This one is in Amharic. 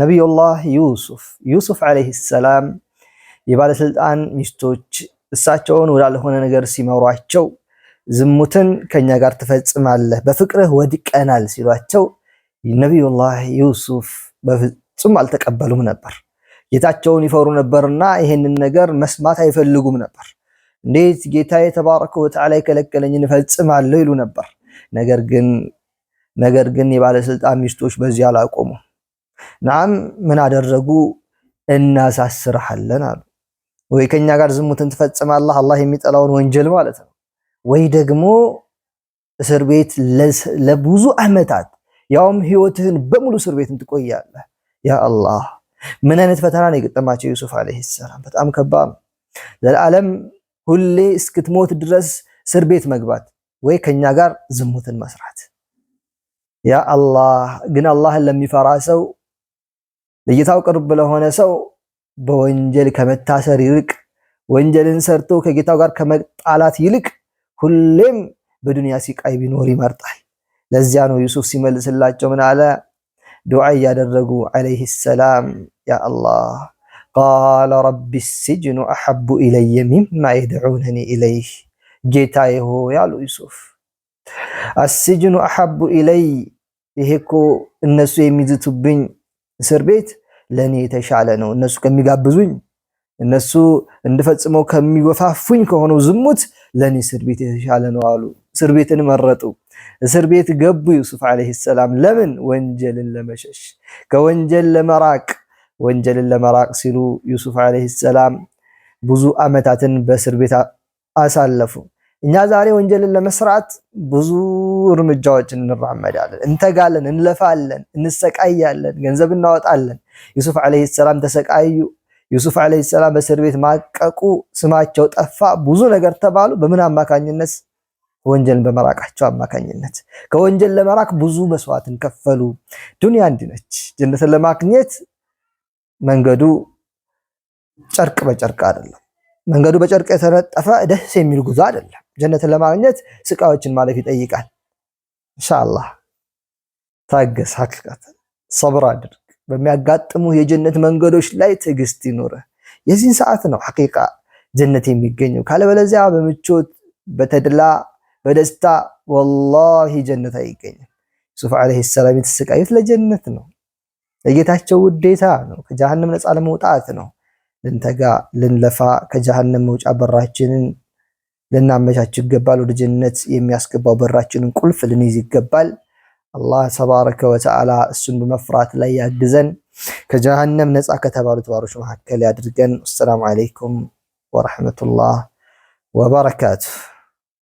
ነቢዩላህ ዩሱፍ ዩሱፍ ዓለይሂ ሰላም የባለስልጣን ሚስቶች እሳቸውን ወዳልሆነ ነገር ሲመሯቸው ዝሙትን ከኛ ጋር ትፈጽማለህ፣ በፍቅርህ ወድቀናል ሲሏቸው ነቢዩላህ ዩሱፍ በፍጹም አልተቀበሉም ነበር። ጌታቸውን ይፈሩ ነበርና ይህንን ነገር መስማት አይፈልጉም ነበር። እንዴት ጌታ ተባረከ ወተዓላ የከለከለኝን እፈጽማለሁ ይሉ ነበር። ነገር ግን ነገር ግን የባለስልጣን ሚስቶች በዚህ አላቆሙ። ናም ምን አደረጉ? እናሳስርሃለን አሉ። ወይ ከኛ ጋር ዝሙትን ትፈጽማለህ አላህ የሚጠላውን ወንጀል ማለት ነው። ወይ ደግሞ እስር ቤት ለብዙ ዓመታት ያውም ህይወትህን በሙሉ እስር ቤት ትቆያለህ። ያ አላህ ምን አይነት ፈተና ነው የገጠማቸው ዩሱፍ አለይሂ ሰላም? በጣም ከባድ ነው። ሁሌ እስክትሞት ድረስ እስር ቤት መግባት ወይ ከኛ ጋር ዝሙትን መስራት። ያ አላህ ግን አላህን ለሚፈራ ሰው ለጌታው ቅርብ ለሆነ ሰው በወንጀል ከመታሰር ይርቅ ወንጀልን ሰርቶ ከጌታው ጋር ከመጣላት ይልቅ ሁሌም በዱንያ ሲቃይ ቢኖር ይመርጣል። ለዚያ ነው ዩሱፍ ሲመልስላቸው ምን አለ? ዱዓ እያደረጉ አለይሂ ሰላም ያ አላህ ቃለ ረቢ ሲጅኑ አሐቡ ኢለየ ሚማ የድዑነኒ ኢለይህ። ጌታዬ ሆይ አሉ ዩሱፍ አሲጅኑ አሐቡ ኢለይ፣ ይሄኮ እነሱ የሚዝቱብኝ እስር ቤት ለእኔ የተሻለ ነው። እነሱ ከሚጋብዙኝ እነሱ እንድፈጽመው ከሚወፋፉኝ ከሆነው ዝሙት ለእኔ እስር ቤት የተሻለ ነው አሉ። እስር ቤትን መረጡ። እስር ቤት ገቡ ዩሱፍ ዓለይሂ ሰላም። ለምን? ወንጀልን ለመሸሽ ከወንጀል ለመራቅ ወንጀልን ለመራቅ ሲሉ ዩሱፍ ዓለይሂ ሰላም ብዙ ዓመታትን በእስር ቤት አሳለፉ። እኛ ዛሬ ወንጀልን ለመስራት ብዙ እርምጃዎች እንራመዳለን፣ እንተጋለን፣ እንለፋለን፣ እንሰቃያለን፣ ገንዘብ እናወጣለን። ዩሱፍ ዓለይሂ ሰላም ተሰቃዩ። ዩሱፍ ዓለይሂ ሰላም በእስር ቤት ማቀቁ፣ ስማቸው ጠፋ፣ ብዙ ነገር ተባሉ። በምን አማካኝነት? ወንጀልን በመራቃቸው አማካኝነት። ከወንጀል ለመራቅ ብዙ መስዋዕትን ከፈሉ። ዱንያ እንዲህ ነች። ጀነትን ለማግኘት መንገዱ ጨርቅ በጨርቅ አይደለም። መንገዱ በጨርቅ የተነጠፈ ደስ የሚል ጉዞ አይደለም። ጀነትን ለማግኘት ስቃዮችን ማለፍ ይጠይቃል። ኢንሻአላህ ታገስ፣ ሀቂቃት ሰብር አድርግ። በሚያጋጥሙ የጀነት መንገዶች ላይ ትዕግስት ይኑረ። የዚህን ሰዓት ነው ሀቂቃ ጀነት የሚገኘው። ካለበለዚያ በምቾት በተድላ በደስታ ወላሂ ጀነት አይገኝም። ሱፍ ዓለይሂ ሰላም የተሰቃዩት ለጀነት ነው፣ ለጌታቸው ውዴታ ነው፣ ከጀሃነም ነፃ ለመውጣት ነው። ልንተጋ ልንለፋ ከጀሃነም መውጫ በራችንን ልናመቻች ይገባል። ወደ ጀነት የሚያስገባው በራችንን ቁልፍ ልንይዝ ይገባል። አላህ ተባረከ ወተዓላ እሱን በመፍራት ላይ ያግዘን። ከጀሃነም ነፃ ከተባሉት ተባሮች መካከል ያድርገን። አሰላሙ አለይኩም ወረሕመቱላህ ወበረካቱ